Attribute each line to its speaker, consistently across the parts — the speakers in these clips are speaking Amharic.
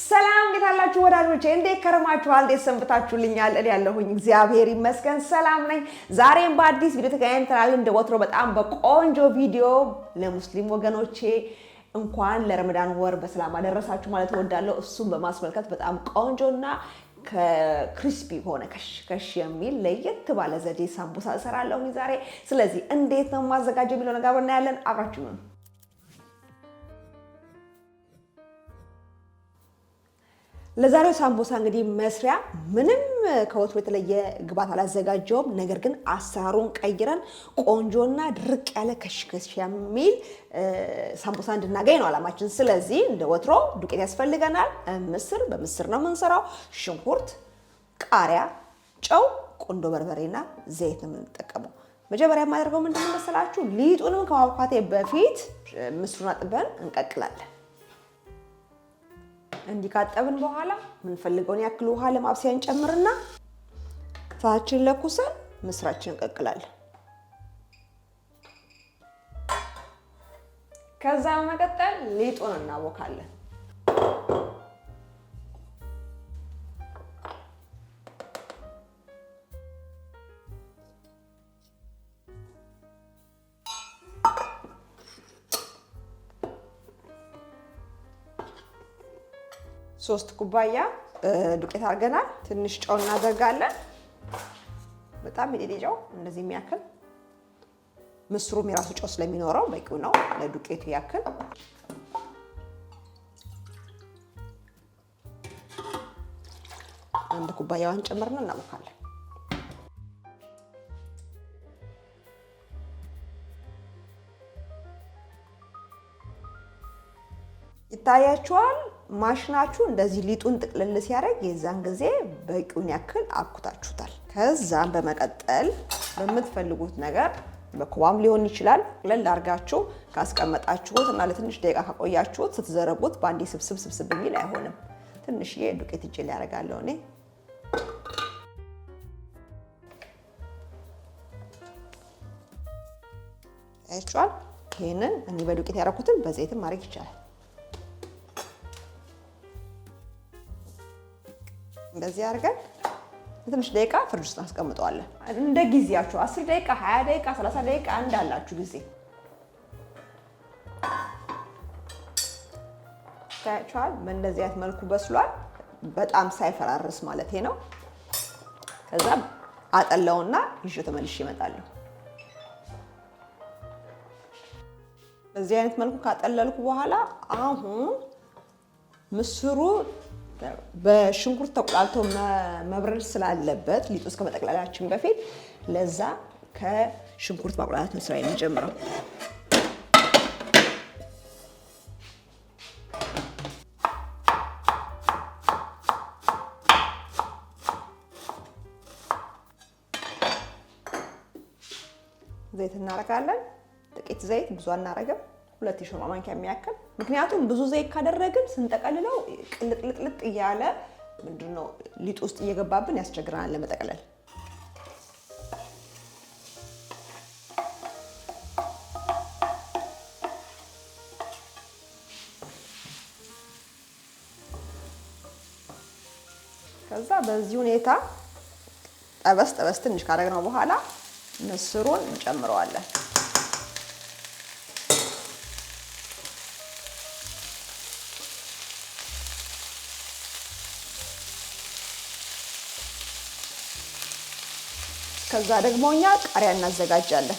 Speaker 1: ሰላም እንዴት አላችሁ ወዳጆቼ? እንዴት ከረማችኋል? እንዴት ሰንብታችሁልኛል? እኔ ያለሁኝ እግዚአብሔር ይመስገን ሰላም ነኝ። ዛሬም በአዲስ ቪዲዮ ተገናኝተናል። እንደ ወትሮ በጣም በቆንጆ ቪዲዮ ለሙስሊም ወገኖቼ እንኳን ለረመዳን ወር በሰላም አደረሳችሁ ማለት እወዳለሁ። እሱም በማስመልከት በጣም ቆንጆና ከክሪስፒ ሆነ ከሽ የሚል ለየት ባለ ዘዴ ሳምቡሳ እሰራለሁ ዛሬ። ስለዚህ እንዴት ነው ማዘጋጀው የሚለው ነገር እናያለን። አብራችሁ ለዛሬው ሳምቦሳ እንግዲህ መስሪያ ምንም ከወትሮ የተለየ ግብዓት አላዘጋጀውም። ነገር ግን አሰራሩን ቀይረን ቆንጆና ድርቅ ያለ ከሽከሽ የሚል ሳምቦሳ እንድናገኝ ነው አላማችን ስለዚህ እንደ ወትሮ ዱቄት ያስፈልገናል። ምስር በምስር ነው የምንሰራው። ሽንኩርት፣ ቃሪያ፣ ጨው፣ ቆንዶ በርበሬና ዘይት ነው የምንጠቀመው። መጀመሪያ የማደርገው ምንድን መሰላችሁ? ሊጡንም ከማብኳቴ በፊት ምስሩን አጥበን እንቀቅላለን። እንዲካጠብን በኋላ የምንፈልገውን ያክል ውሃ ለማብሰያ እንጨምርና እሳታችንን ለኩሰን ምስራችን እንቀቅላለን። ከዛ በመቀጠል ሊጡን እናቦካለን። ሶስት ኩባያ ዱቄት አድርገናል። ትንሽ ጨው እናደርጋለን። በጣም ሚጤጤ ጨው እንደዚህ የሚያክል ምስሩም የራሱ ጨው ስለሚኖረው በቂው ነው ለዱቄቱ ያክል። አንድ ኩባያዋን ጨምርን እናቦካለን። ይታያችኋል ማሽናችሁ እንደዚህ ሊጡን ጥቅልል ሲያደርግ የዛን ጊዜ በቂውን ያክል አብኩታችሁታል። ከዛም በመቀጠል በምትፈልጉት ነገር በኩባም ሊሆን ይችላል ቅለል አድርጋችሁ ካስቀመጣችሁት እና ለትንሽ ደቂቃ ካቆያችሁት ስትዘረጉት በአንዴ ስብስብ ስብስብ የሚል አይሆንም። ትንሽዬ ዱቄት እጄ ላይ ያደርጋለሁ እኔ ያችኋል። ይህንን እኔ በዱቄት ያደረኩትን በዘይትም ማድረግ ይቻላል። እንደዚህ አድርገን ትንሽ ደቂቃ ፍርድ ውስጥ እናስቀምጠዋለን። እንደ ጊዜያችሁ 10 ደቂቃ፣ 20 ደቂቃ፣ 30 ደቂቃ እንዳላችሁ ጊዜ ታያችኋል። በእንደዚህ አይነት መልኩ በስሏል። በጣም ሳይፈራርስ ማለት ነው። ከዛ አጠለውና ይዤ ተመልሼ እመጣለሁ። በዚህ አይነት መልኩ ካጠለልኩ በኋላ አሁን ምስሩ በሽንኩርት ተቆላልቶ መብረር ስላለበት ሊጡ እስከ መጠቅለላችን በፊት ለዛ ከሽንኩርት ማቁላላት ነው ስራ የሚጀምረው። ዘይት እናደርጋለን? ጥቂት ዘይት ብዙ አናረግም። ሁለት የሾርባ ማንኪያ የሚያክል ምክንያቱም ብዙ ዘይት ካደረግን ስንጠቀልለው ቅልጥልጥልጥ እያለ ምንድነው ሊጥ ውስጥ እየገባብን ያስቸግረናል ለመጠቅለል። ከዛ በዚህ ሁኔታ ጠበስ ጠበስ ትንሽ ካደረግነው በኋላ ምስሩን እንጨምረዋለን። ከዛ ደግሞ እኛ ቃሪያ እናዘጋጃለን።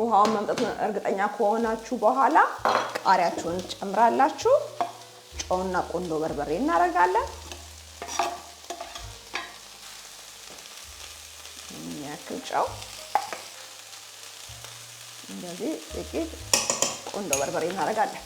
Speaker 1: ውሃውን መምጠት እርግጠኛ ከሆናችሁ በኋላ ቃሪያችሁን ጨምራላችሁ። ጨውና ቆንዶ በርበሬ እናደርጋለን። ጨው እንደዚህ ጥቂት ቆንጆ በርበሬ እናደርጋለን።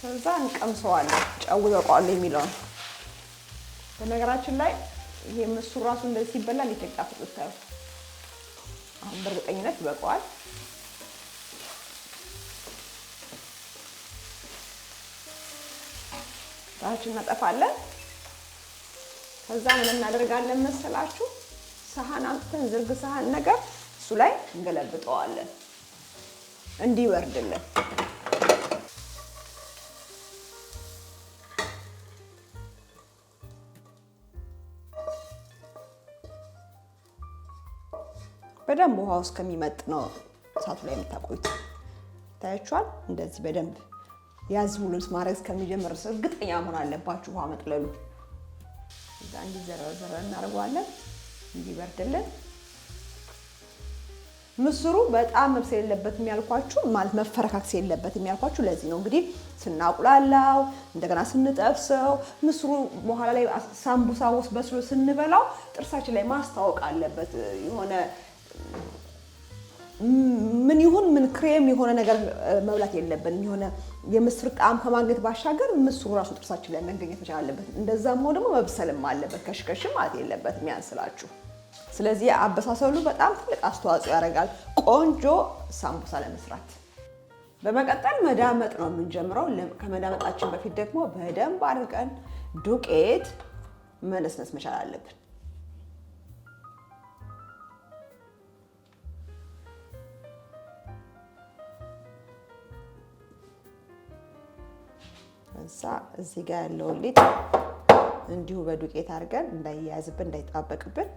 Speaker 1: ከዛ እንቀምሰዋለን። ጨው ይበቃዋል የሚለውን በነገራችን ላይ ይሄ ምስሩ ራሱ እንደዚህ ኢትዮጵያ ሊጠቃ ፍጡት በእርግጠኝነት ይበቀዋል። ታችን እናጠፋለን። ከዛ ምን እናደርጋለን መሰላችሁ? ሰሃን አምጥተን ዝርግ ሰሃን ነገር እሱ ላይ እንገለብጠዋለን እንዲወርድልን በደንብ ውሃ ውስጥ ከሚመጥ ነው እሳቱ ላይ የምታቆዩት። ይታያችኋል። እንደዚህ በደንብ ያዝ ብሉት ማድረግ እስከሚጀምር እርግጠኛ መሆን አለባችሁ ውሃ መጥለሉ። እዛ እንዲዘረዘረ እናደርገዋለን እንዲበርድልን። ምስሩ በጣም መብሰል የለበትም የሚያልኳችሁ ማለት መፈረካክስ የለበት የሚያልኳችሁ ለዚህ ነው። እንግዲህ ስናቁላላው እንደገና ስንጠብሰው ምስሩ በኋላ ላይ ሳምቡሳ ውስጥ በስሎ ስንበላው ጥርሳችን ላይ ማስታወቅ አለበት የሆነ ምን ይሁን ምን ክሬም የሆነ ነገር መብላት የለብንም። የሆነ የምስር ጣዕም ከማግኘት ባሻገር ምስሩ ራሱ ጥርሳችን ላይ መገኘት መቻል አለበት። እንደዛም ሆኖ ደግሞ መብሰልም አለበት። ከሽከሽ ማለት የለበትም ያንስላችሁ። ስለዚህ አበሳሰሉ በጣም ትልቅ አስተዋጽኦ ያደርጋል ቆንጆ ሳምቡሳ ለመስራት። በመቀጠል መዳመጥ ነው የምንጀምረው። ከመዳመጣችን በፊት ደግሞ በደንብ አድርገን ዱቄት መነስነስ መቻል አለብን። እንሳ እዚህ ጋር ያለውን ሊጥ እንዲሁ በዱቄት አድርገን እንዳይያያዝብን እንዳይጣበቅብን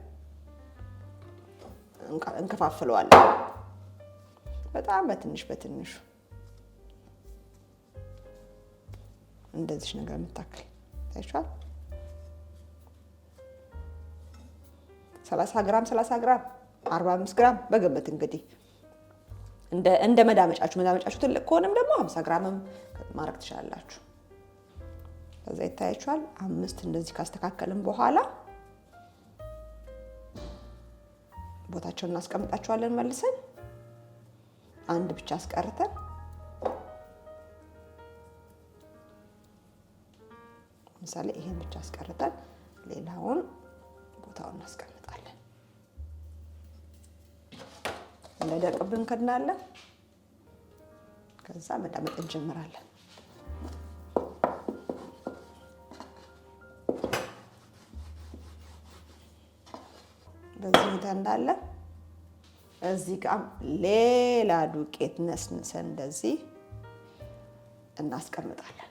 Speaker 1: እንከፋፍለዋለን። በጣም በትንሽ በትንሹ እንደዚህ ነገር የምታክል ታይቻል። 30 ግራም 30 ግራም 45 ግራም በግምት እንግዲህ እንደ መዳመጫችሁ መዳመጫችሁ ትልቅ ከሆነም ደግሞ ሀምሳ ግራምም ማድረግ ትችላላችሁ። ከዛ ይታያችኋል። አምስት እንደዚህ ካስተካከልን በኋላ ቦታቸውን እናስቀምጣቸዋለን። መልሰን አንድ ብቻ አስቀርተን ምሳሌ ይሄን ብቻ አስቀርተን ሌላውን ቦታውን እናስቀምጣለን። እንዳይደርቅብን ከድናለን። ከዛ መዳመጥ እንጀምራለን። እንዳለ እዚህ ጋም ሌላ ዱቄት ነስንሰን እንደዚህ እናስቀምጣለን።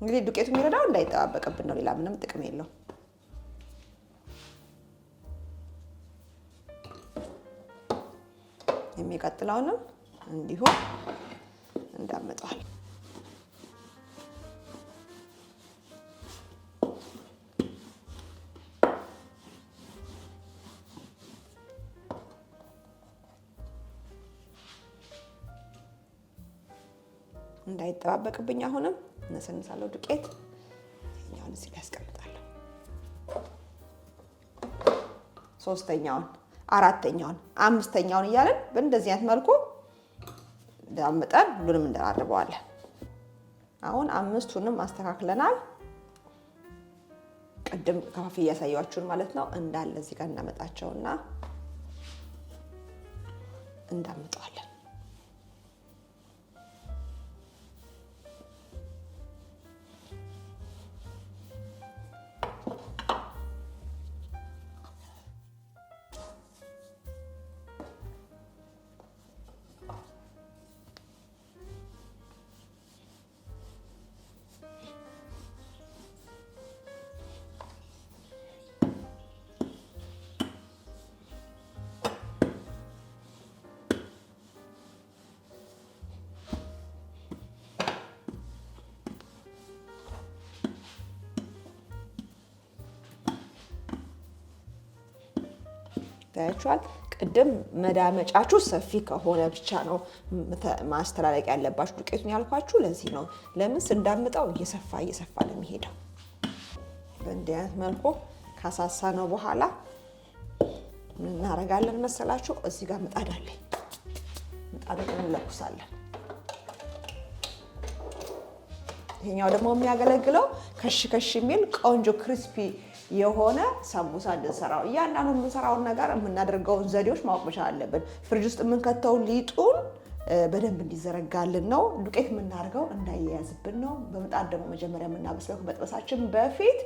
Speaker 1: እንግዲህ ዱቄቱ የሚረዳው እንዳይጠባበቅብን ነው። ሌላ ምንም ጥቅም የለው። የሚቀጥለውንም እንዲሁ እንዳመጠዋል። እንዳይጠባበቅብኝ አሁንም እነሰንሳለሁ ዱቄት ይሄኛውን እዚህ ያስቀምጣለሁ። ሶስተኛውን፣ አራተኛውን፣ አምስተኛውን እያለን በእንደዚህ አይነት መልኩ እንዳመጠን ሁሉንም እንደራርበዋለን። አሁን አምስቱንም አስተካክለናል። ቅድም ከፋፊ እያሳያችሁን ማለት ነው እንዳለ እዚህ ጋር እናመጣቸውና እንዳምጠዋለን። ታያችኋል። ቅድም መዳመጫችሁ ሰፊ ከሆነ ብቻ ነው ማስተላለቅ ያለባችሁ ዱቄቱን ያልኳችሁ ለዚህ ነው። ለምን ስንዳምጠው እየሰፋ እየሰፋ ነው የሚሄደው። በእንዲህ አይነት መልኩ ካሳሳ ነው በኋላ ምን እናደርጋለን መሰላችሁ? እዚህ ጋር ምጣድ አለኝ። ምጣዱን እንለኩሳለን። ይሄኛው ደግሞ የሚያገለግለው ከሽ ከሽ የሚል ቆንጆ ክሪስፒ የሆነ ሳምቡሳ እንድንሰራው እያንዳንዱ የምንሰራውን ነገር የምናደርገውን ዘዴዎች ማወቅ መቻል አለብን። ፍሪጅ ውስጥ የምንከተው ሊጡን በደንብ እንዲዘረጋልን ነው። ዱቄት የምናደርገው እንዳያያዝብን ነው። በምጣድ ደግሞ መጀመሪያ የምናበስለው ከመጥበሳችን በፊት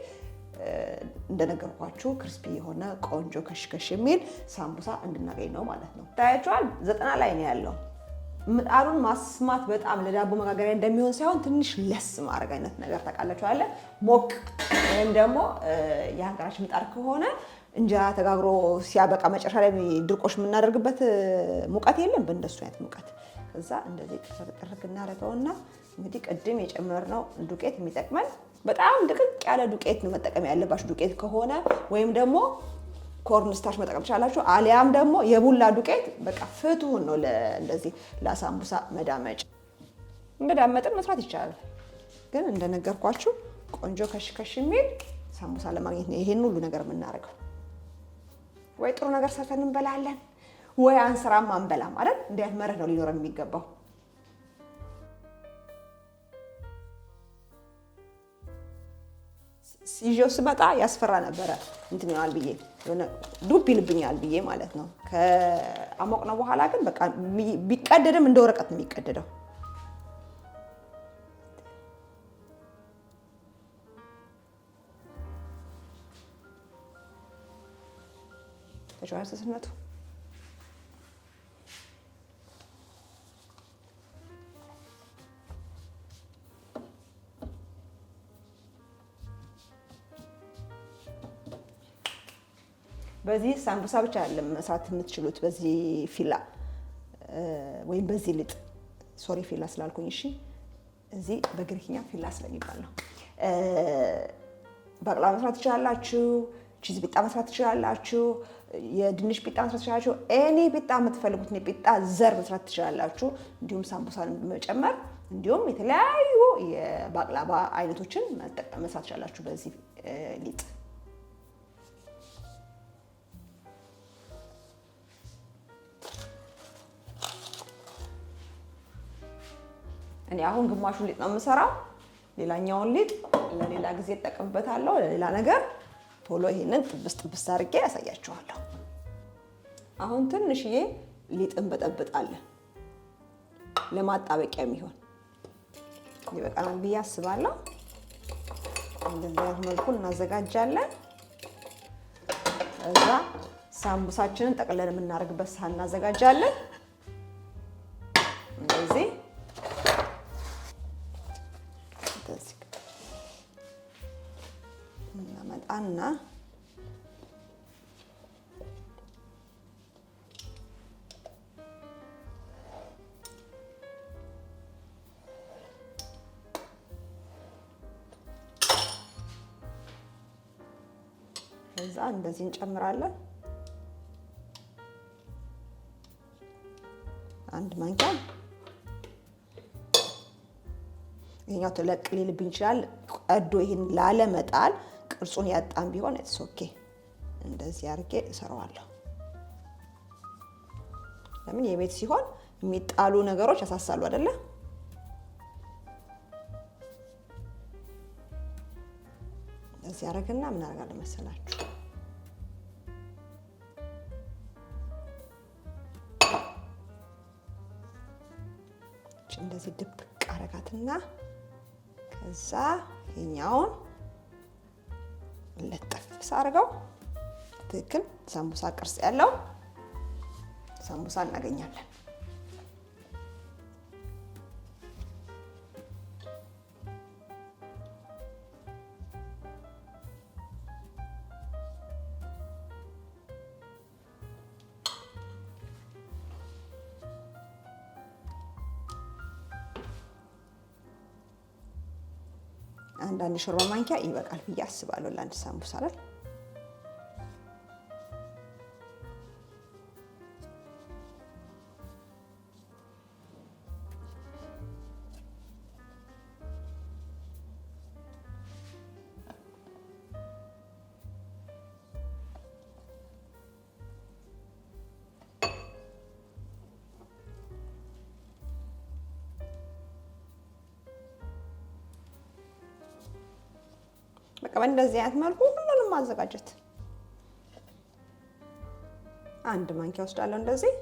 Speaker 1: እንደነገርኳችሁ ክርስፒ የሆነ ቆንጆ ከሽከሽ የሚል ሳምቡሳ እንድናገኝ ነው ማለት ነው። ታያችኋል። ዘጠና ላይ ነው ያለው ምጣዱን ማስማት በጣም ለዳቦ መጋገሪያ እንደሚሆን ሳይሆን ትንሽ ለስ ማድረግ አይነት ነገር ታውቃላችሁ አለ ሞቅ ወይም ደግሞ የሀገራችን ምጣድ ከሆነ እንጀራ ተጋግሮ ሲያበቃ መጨረሻ ላይ ድርቆሽ የምናደርግበት ሙቀት የለም። በእንደሱ አይነት ሙቀት ከዛ እንደዚህ ጥርግ እናደርገውና እንግዲህ ቅድም የጨመርነው ዱቄት የሚጠቅመን በጣም ድቅቅ ያለ ዱቄት ነው መጠቀም ያለባችሁ ዱቄት ከሆነ ወይም ደግሞ ኮርን መጠቀም ትችላላችሁ። አሊያም ደግሞ የቡላ ዱቄት በቃ ፍትሁን ነው እንደዚህ ለሳምቡሳ መዳመጭ መዳመጥን መስራት ይቻላል። ግን እንደነገርኳችሁ ቆንጆ ከሽከሽ የሚል ሳምቡሳ ለማግኘት ነው ይሄን ሁሉ ነገር የምናደርገው። ወይ ጥሩ ነገር ሰርተን እንበላለን፣ ወይ አንስራም አንበላም አይደል? እንዲህ መርህ ነው ሊኖረን የሚገባው። ይዤው ስመጣ ያስፈራ ነበረ እንትን ይሆናል ብዬ ዱብ ይልብኛል ብዬ ማለት ነው። ከአሞቅ ነው በኋላ ግን በቃ ቢቀደድም እንደ ወረቀት ነው የሚቀደደው። ተጨዋር በዚህ ሳምቡሳ ብቻ አይደለም መስራት የምትችሉት። በዚህ ፊላ ወይም በዚህ ልጥ ሶሪ ፊላ ስላልኩኝ እሺ። እዚህ በግሪክኛ ፊላ ስለሚባል ነው። ባቅላባ መስራት ትችላላችሁ። ቺዝ ቢጣ መስራት ትችላላችሁ። የድንሽ ቢጣ መስራት ትችላላችሁ። ኤኒ ቢጣ የምትፈልጉት ቢጣ ዘር መስራት ትችላላችሁ። እንዲሁም ሳምቡሳን መጨመር እንዲሁም የተለያዩ የባቅላባ አይነቶችን መስራት ትችላላችሁ በዚህ ሊጥ እኔ አሁን ግማሹ ሊጥ ነው የምሰራው። ሌላኛውን ሊጥ ለሌላ ጊዜ እጠቀምበታለሁ፣ ለሌላ ነገር። ቶሎ ይሄንን ጥብስ ጥብስ አድርጌ ያሳያችኋለሁ። አሁን ትንሽዬ ሊጥ እንበጠብጣለን ለማጣበቂያ የሚሆን ይበቃናል ብዬ አስባለሁ። እንደዚህ አይነት መልኩ እናዘጋጃለን። እዛ ሳምቡሳችንን ጠቅለን የምናደርግበት ሳህን እናዘጋጃለን። እንደዚህ አወጣና ከዛ እንደዚህ እንጨምራለን። አንድ ማንኪያ ይሄኛው ትለቅ ሊልብኝ ይችላል። ቀዶ ይህን ላለመጣል ቅርጹን ያጣም ቢሆን ኦኬ እንደዚህ አድርጌ እሰራዋለሁ። ለምን የቤት ሲሆን የሚጣሉ ነገሮች ያሳሳሉ አይደለ? እዚህ አደርግና ምን አደርጋለሁ መሰላችሁ? እንደዚህ ድብቅ አረጋትና ከዛ ይኛውን ልጥፍ ሳርገው ትክክል ሳምቡሳ ቅርጽ ያለው ሳምቡሳ እናገኛለን። አንዳንድ የሾርባ ማንኪያ ይበቃል ብዬ አስባለሁ ለአንድ ሳምቡሳ ላይ በቃ በእንደዚህ አይነት መልኩ ሁሉንም ማዘጋጀት። አንድ ማንኪያ ወስዳለሁ እንደዚህ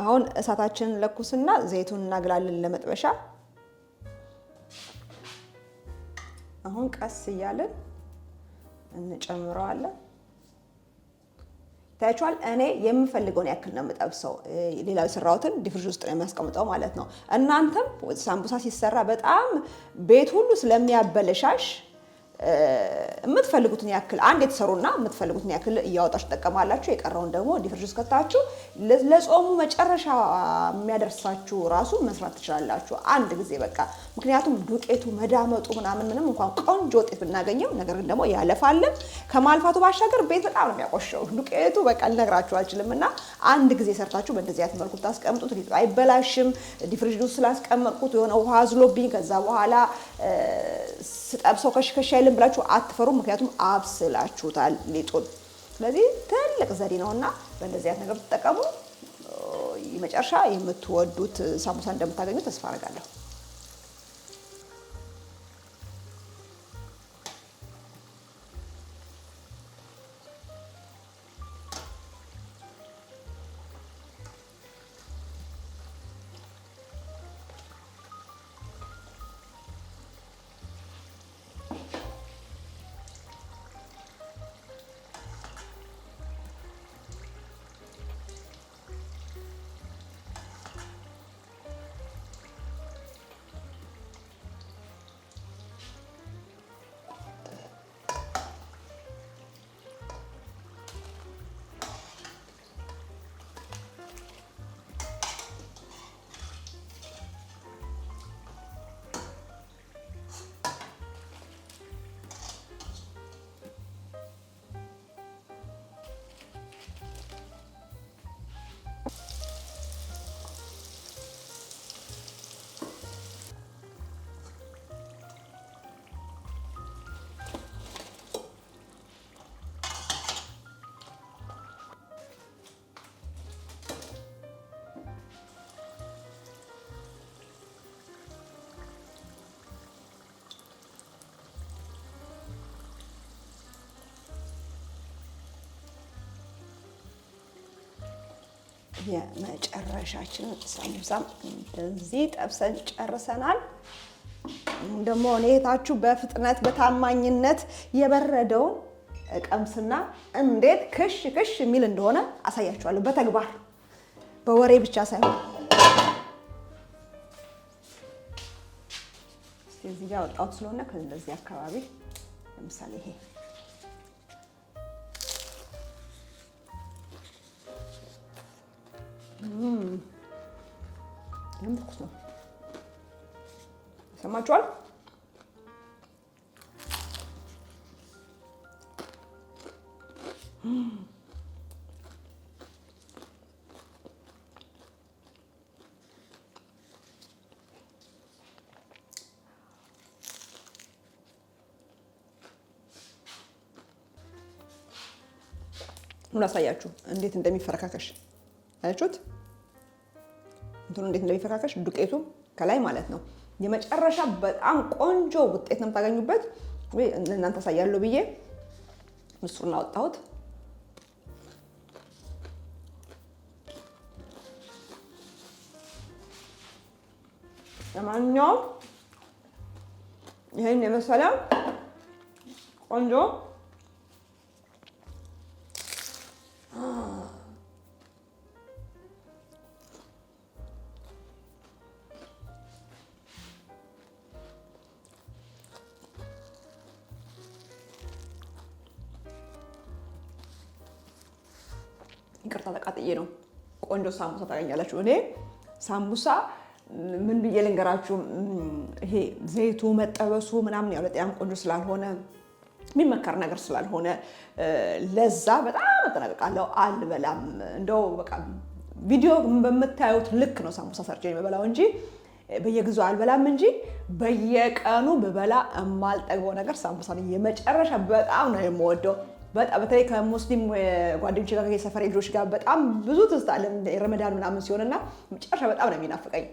Speaker 1: አሁን እሳታችንን ለኩስና ዘይቱን እናግላለን ለመጥበሻ። አሁን ቀስ እያልን እንጨምረዋለን። ታያችኋል። እኔ የምፈልገውን ያክል ነው የምጠብሰው። ሌላው የሰራሁትን ዲፍርጅ ውስጥ ነው የሚያስቀምጠው ማለት ነው። እናንተም ሳምቡሳ ሲሰራ በጣም ቤት ሁሉ ስለሚያበለሻሽ የምትፈልጉትን ያክል አንድ የተሰሩና የምትፈልጉትን ያክል እያወጣችሁ ትጠቀማላችሁ። የቀረውን ደግሞ ዲፍርጅስ ከታችሁ ለጾሙ መጨረሻ የሚያደርሳችሁ ራሱ መስራት ትችላላችሁ። አንድ ጊዜ በቃ ምክንያቱም ዱቄቱ መዳመጡ ምናምን ምንም እንኳን ቆንጆ ውጤት ብናገኘው ነገር ግን ደግሞ ያለፋልን። ከማልፋቱ ባሻገር ቤት በጣም ነው የሚያቆሸው ዱቄቱ። በቃ ልነግራችሁ አልችልም። እና አንድ ጊዜ ሰርታችሁ በእንደዚህ አይነት መልኩ ብታስቀምጡት ሊጡ አይበላሽም። ዲፍሪጅዱ ስላስቀመጥኩት የሆነ ውሃ አዝሎብኝ ከዛ በኋላ ስጠብሰው ከሽከሽ አይልም ብላችሁ አትፈሩም። ምክንያቱም አብስላችሁታል ሊጡን። ስለዚህ ትልቅ ዘዴ ነው እና በእንደዚህ አይነት ነገር ብትጠቀሙ መጨረሻ የምትወዱት ሳሙሳ እንደምታገኙ ተስፋ አረጋለሁ። የመጨረሻችንን ሳምቡሳም እንደዚህ ጠብሰን ጨርሰናል። ደግሞ እህታችሁ በፍጥነት በታማኝነት የበረደውን ቀምስና እንዴት ክሽ ክሽ የሚል እንደሆነ አሳያችኋለሁ በተግባር በወሬ ብቻ ሳይሆን። እዚህ ጋር ወጣሁት ስለሆነ ከዚህ አካባቢ ለምሳሌ ይሄ ይህም ትኩስ ነው። ይሰማችኋል? ኑ ላሳያችሁ እንዴት እንደሚፈረካከሽ አያችሁት? እንትኑ እንዴት እንደሚፈካከሽ ዱቄቱ ከላይ ማለት ነው። የመጨረሻ በጣም ቆንጆ ውጤት ነው የምታገኙበት። እናንተ ለእናንተ አሳያለሁ ብዬ ምስሩን አወጣሁት። ለማንኛውም ይህን የመሰለ ቆንጆ ይቅርታ ተቃጥዬ ነው። ቆንጆ ሳምቡሳ ታገኛላችሁ። እኔ ሳምቡሳ ምን ብዬ ልንገራችሁ፣ ይሄ ዘይቱ መጠበሱ ምናምን ያው ለጤናም ቆንጆ ስላልሆነ የሚመከር ነገር ስላልሆነ ለዛ በጣም እጠነቀቃለሁ። አልበላም። እንደው በቃ ቪዲዮ በምታዩት ልክ ነው ሳሙሳ ሰርቼ የምበላው እንጂ በየጊዜው አልበላም እንጂ በየቀኑ ብበላ የማልጠግበው ነገር ሳምቡሳ ነው። የመጨረሻ በጣም ነው የምወደው። በተለይ ከሙስሊም ጓደኞች ጋር የሰፈር ልጆች ጋር በጣም ብዙ ትዝታ አለ። ረመዳን ምናምን ሲሆን ሲሆንና መጨረሻ በጣም ነው የሚናፍቀኝ።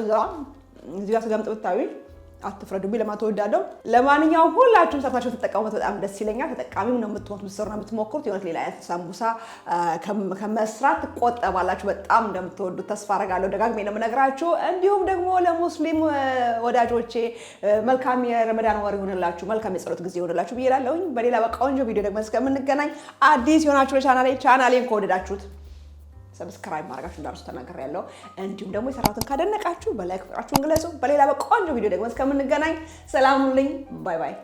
Speaker 1: እዛ እዚጋ ጋር ስጋ አትፍረዱብኝ ለማለት እወዳለሁ። ለማንኛውም ሁላችሁም ሰርታችሁ ተጠቀሙበት፣ በጣም ደስ ይለኛል። ተጠቃሚው ነው የምትሆኑት፣ ብትሰሩና የምትሞክሩት የሆነት ሌላ አይነት ሳምቡሳ ከመስራት ትቆጠባላችሁ። በጣም እንደምትወዱት ተስፋ አረጋለሁ። ደጋግሜ ነው የምነግራችሁ። እንዲሁም ደግሞ ለሙስሊም ወዳጆቼ መልካም የረመዳን ወር ይሆንላችሁ፣ መልካም የጸሎት ጊዜ ይሆንላችሁ ብዬላለሁኝ። በሌላ በቃ በቆንጆ ቪዲዮ ደግሞ እስከምንገናኝ አዲስ የሆናችሁ ለቻናሌ ቻናሌን ከወደዳችሁት ሰብስክራይብ ማድረጋችሁ እንዳርሱ ተናገር ያለው እንዲሁም ደግሞ የሰራሁትን ካደነቃችሁ በላይክ ቁጥራችሁን ግለጹ። በሌላ በቆንጆ ቪዲዮ ደግሞ እስከምንገናኝ ሰላም ሁኑልኝ። ባይ ባይ።